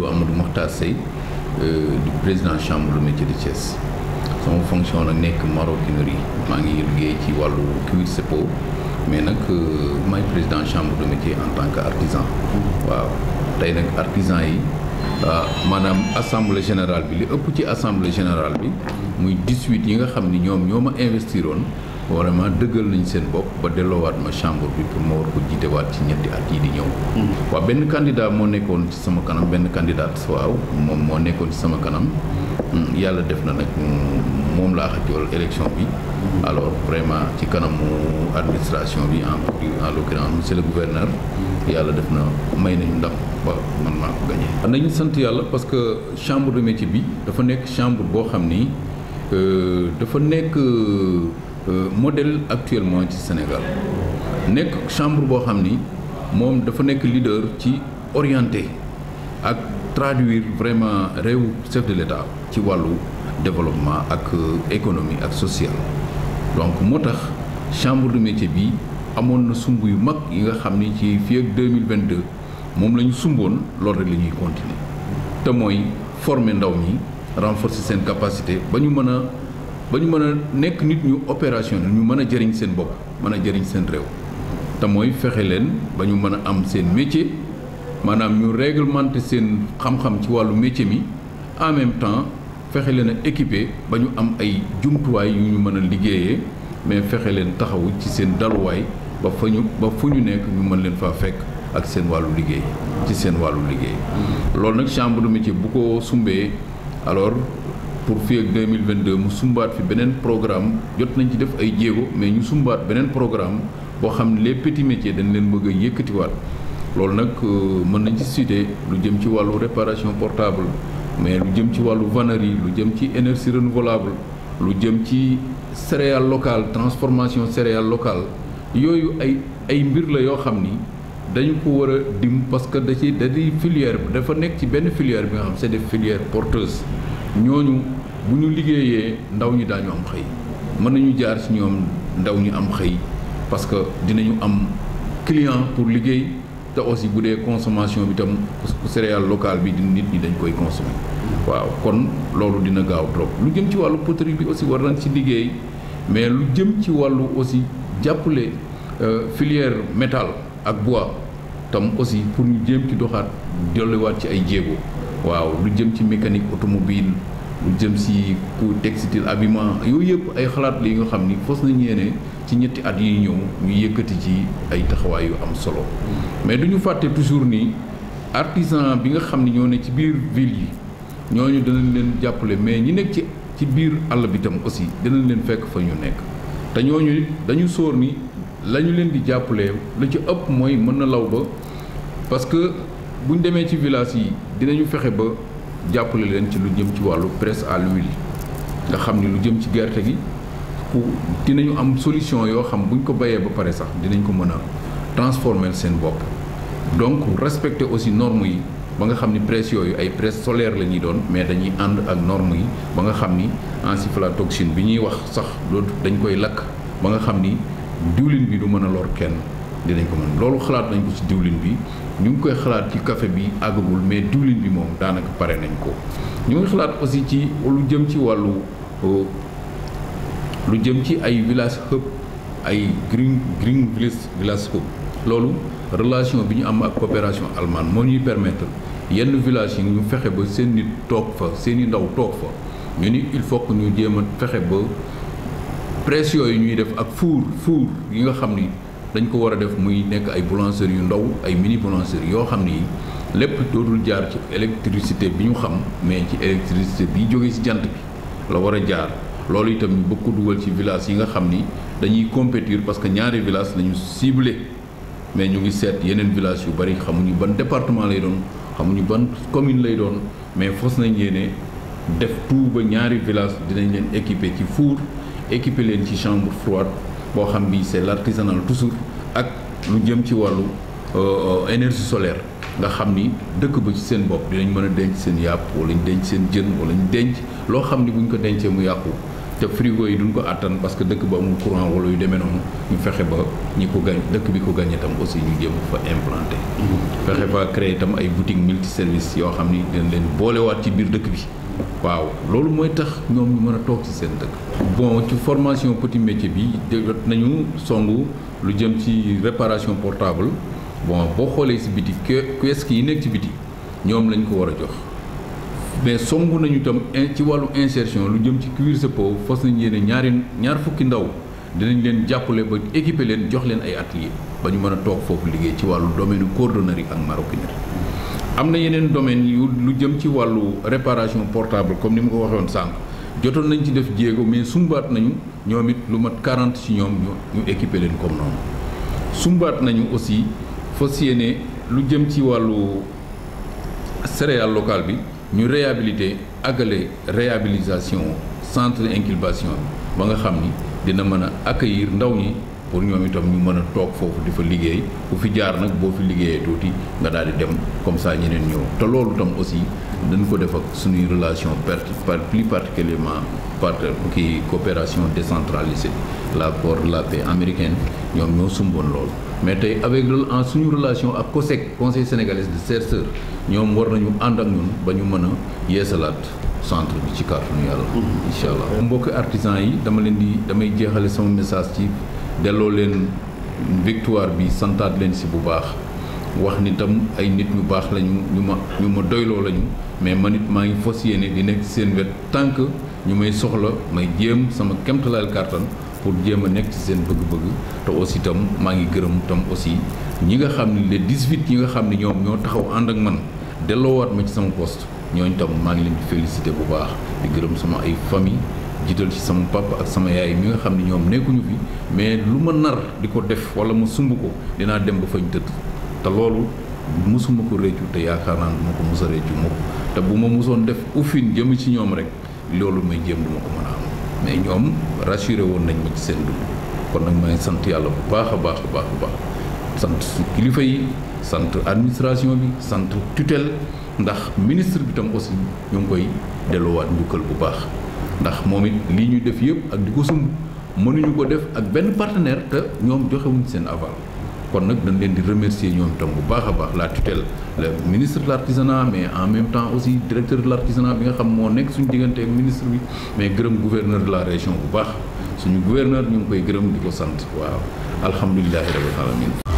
tudd Amadou Mokhtar Seye euh, du président chambre de métier de Thiès sama fonction nag nekk maroquinerie maa ngi liggéey ci wàllu cuir sepo mais nag euh, may président chambre de métier en tant que artisan waaw tey nag artisan yi ah, maanaam assemblée général bi li ëpp ci assemblée général bi muy 18 yi nga xam ni ñoom ñoo ma investiroon vraiment dëggal nañu seen bopp ba delloowaat ma chambre bi pour ma war ko waat ci ñetti at yi di ñëw. Mm-hmm. waaw benn kandidaa moo nekkoon ci sama kanam benn candidat waaw moom moo nekkoon ci sama kanam mm, yàlla def na nag moom laa xajool élection bi. Mm-hmm. alors vraiment ci kanamu bi en en mm-hmm. yàlla def na may nañu ndam ba sant yàlla parce que chambre de métier bi dafa nekk chambre boo xam ni euh, dafa nekk. Euh, modèle actuellement ci Sénégal nekk chambre boo xam ni moom dafa nekk leader ci orienté ak traduire vraiment réew chef de l'État ci wàllu développement ak euh, économie ak social donc moo tax chambre de métier bi amoon na sumb yu mag yi nga xam ni ci fii ak 2022 moom la ñu sumboon loolu rek la ñuy continuer te mooy former ndaw mi renforcer seen capacité ba ñu mën ba ñu mën a nekk nit ñu opérationnel ñu mën a jëriñ seen bopp mën a jariñ seen réew te mooy fexe leen ba ñu mën a am seen métier maanaam ñu réglementer seen xam-xam ci wàllu métier mi en même temps fexe leen a équiper ba ñu am ay jumtuwaay yu ñu mën a liggéeyee mais fexe leen taxawu ci seen daluwaay ba ñu ba fu ñu nekk ñu mën leen fa fekk ak seen wàllu liggéey ci seen wàllu liggéey loolu nag chambre de bu ko sumbee alors pour fii ak 2022 mu sumbaat fi beneen programme jot nañ ci def ay jéego mais ñu sumbaat beneen programme boo xam ne les petits métiers dañ leen bëgg a yëkkatiwaat loolu nag euh, mën nañ ci citer lu jëm ci wàllu réparation portable mais lu jëm ci wàllu vannerie lu jëm ci énergie renouvelable lu jëm ci céréale local transformation céréale local yooyu ay ay mbir la yoo xam ni dañu ko war a dim parce que da ci da di filière dafa nekk ci benn filière bi nga xam c'est des filières porteuses ñooñu bu ñu liggéeyee ndaw ñi daañu am xëy mën nañu jaar ci ñoom ndaw ñu am xëy parce que dinañu am client pour liggéey te aussi bu dee consommation bi tam céréale locale bi di nit ñi dañ koy consommer waaw kon loolu dina gaaw trop lu jëm ci wàllu poterie bi aussi war nañ ci liggéey mais lu jëm ci wàllu aussi jàppale euh, filière métal ak bois tam aussi pour ñu jëm ci doxaat dolliwaat ci ay jéego waaw lu jëm ci mécanique automobile lu jëm si coût textile habillement yooyu yëpp ay xalaat la yi nga xam ni fos nañu yéene ci ñetti at yi ñëw ñu yëkkati ci ay taxawaay yu am solo mais ñu fàtte toujours ni artisan bi nga xam ni ñoo ne ci biir ville yi ñoo ñooñu danañ leen jàppale mais ñi nekk ci ci biir àll bi tam aussi danañ leen fekk fa ñu nekk te ñu dañu soor ni lañu leen di jàppale lu ci ëpp mooy mën na law ba parce que buñ demee ci village yi dinañu fexe ba jàppale leen ci lu jëm ci wàllu presse à l'huile nga xam ni lu jëm ci gerte gi ku dinañu am solution yoo xam buñ ko bayee ba pare sax dinañ ko mën a transformer seen bopp donc respecter aussi normes yi ba nga xam ni presse yooyu ay presse solaire la ñuy doon mais dañuy ànd ak normes yi ba nga xam ni encyphalotoxine bi ñuy wax sax loolu dañ koy lakk ba nga xam ni diwlin bi du mën a lor kenn dinañ ko loolu xalaat nañ ko ci diwlin bi ñu ngi koy xalaat ci kafe bi àggagul mais diwlin bi moom daanaka pare nañ ko ñu ngi xalaat aussi ci lu jëm ci wàllu euh, lu jëm ci ay village hub ay green green village village loolu relation bi ñu am ak coopération allemande moo ñuy permettre yenn village yi ñu fexe ba seen nit toog fa seen i ndaw toog fa ñu ni il faut que ñu jéem a fexe ba pression yi ñuy def ak fuur fuur yi nga xam ni dañ ko war a def muy nekk ay boulangeries yu ndaw ay mini boulangeries yoo xam ni lépp dootul jaar ci électricité bi ñu xam mais ci électricité bi jóge ci jant bi la war a jaar loolu itam ñu bëgg ko dugal ci village yi nga xam ni dañuy compétir parce que ñaari village lañu ciblé mais ñu ngi seet yeneen village yu bari xamuñu ban département lay doon xamuñu ban commune lay doon mais fos nañ yéene def tout ba ñaari village dinañ leen équiper ci four équiper leen ci chambre froide boo xam bi c'est l'artisanal toujours ak lu jëm ci wàllu euh, énergie solaire nga xam ni dëkk ba ci seen bopp dinañ mën a denc seen yàpp wala ñu denc seen jën wala ñu denc loo xam ni bu ñu ko dencee mu yàqu te frigo yi duñ ko àttan parce que dëkk ba amul courant wala yu demee noonu ñu fexe ba ñi ko gañ dëkk bi ko gañe tam aussi ñu jéem fa implanté mm-hmm. fexe fa créé itam ay boutique multi service yoo xam ni dina leen boolewaat ci biir dëkk bi waaw loolu mooy tax ñoom ñu mën a toog ci seen dëkk. bon ci formation petit métier bi jot nañu songu lu jëm ci réparation portable bon boo xoolee si biti kiosque yi nekk ci biti ñoom lañ ko war a jox mais songu nañu itam ci wàllu insertion lu jëm ci cuir sa peau fas nañ yéene ñaar fukki ndaw dinañ leen jàppale ba équiper leen jox leen ay atelier ba ñu mën a toog foofu liggéey ci wàllu domaine cordonnerie ak maroquinerie am na yeneen domaine yu lu jëm ci wàllu réparation portable comme ni ma ko waxoon sànq jotoon nañ ci def jéego mais sumbaat nañu ñoom it lu mat 40 ci ñoom ñu équipe leen comme noonu sumbaat nañu aussi fas yéene lu jëm ci wàllu céréale locale bi ñu réhabilité agale réhabilitation centre incubation ba nga xam ni dina mën a accueillir ndaw ñi pour ñoom itam ñu mën a toog foofu di fa liggéey ku fi jaar nag boo fi liggéeyee tuuti nga daal di dem comme ça ñeneen ñëw te loolu tam aussi dañ ko def ak suñuy relation par plus particulièrement par kii coopération décentralisée l'accord de la paix américaine ñoom ñoo sumboon loolu mais tey avec en suñu relation ak COSEC conseil sénégalais des chercheurs ñoom war nañu ànd ak ñun ba ñu mën a yeesalaat centre bi ci kàttanu yàlla mm-hmm. incha allah mbokki artisan yi dama leen di damay jeexale sama message ci delloo leen victoire bi santaat leen si bu baax wax ni tam ay nit ñu baax lañu ñu ma ñu ma doyloo lañu mais man it maa ngi fos yéene di nekk seen wet tant que ñu may soxla may jéem sama kemtalaal kàttan pour jéem a nekk ci seen bëgg-bëgg te aussi tam maa ngi gërëm tam aussi ñi nga xam ne di 18 ñi nga xam ne ñoom ñoo taxaw ànd ak man delloowaat ma ci sama poste ñooñu tam maa ngi leen di félicité bu baax di gërëm sama ay famille jiital ci sama papa ak sama yaay mi nga xam ne ñoom nekkuñu bi mais lu ma nar di ko def wala ma sumb ko dinaa dem ba fañ tëdd te loolu mosuma ko réccu te yaakaar naa du ma ko mos a réccu ma te bu ma mosoon def ufin jëm ci ñoom rek loolu may jéem du ma ko mën a am mais ñoom rassuré woon nañ ma ci seen dund kon nag may sant yàlla bu baax a baax a baax baax sant kilifa yi sant administration bi sant tutelle ndax ministre bi tam aussi ñu ngi koy delluwaat njukkal bu baax ndax moom it lii ñu def yëpp ak di ko sumb mënuñu ko def ak benn partenaire te ñoom joxewuñ seen aval kon nag dañ leen di remercier ñoom itam bu baax a baax la tutelle le ministre de l' mais en même temps aussi directeur de l' artisanat bi nga xam moo nekk suñu diggante ak ministre bi mais gërëm gouverneur de la région bu baax suñu gouverneur ñu ngi koy gërëm di ko sant waaw alhamdulilahi rabbil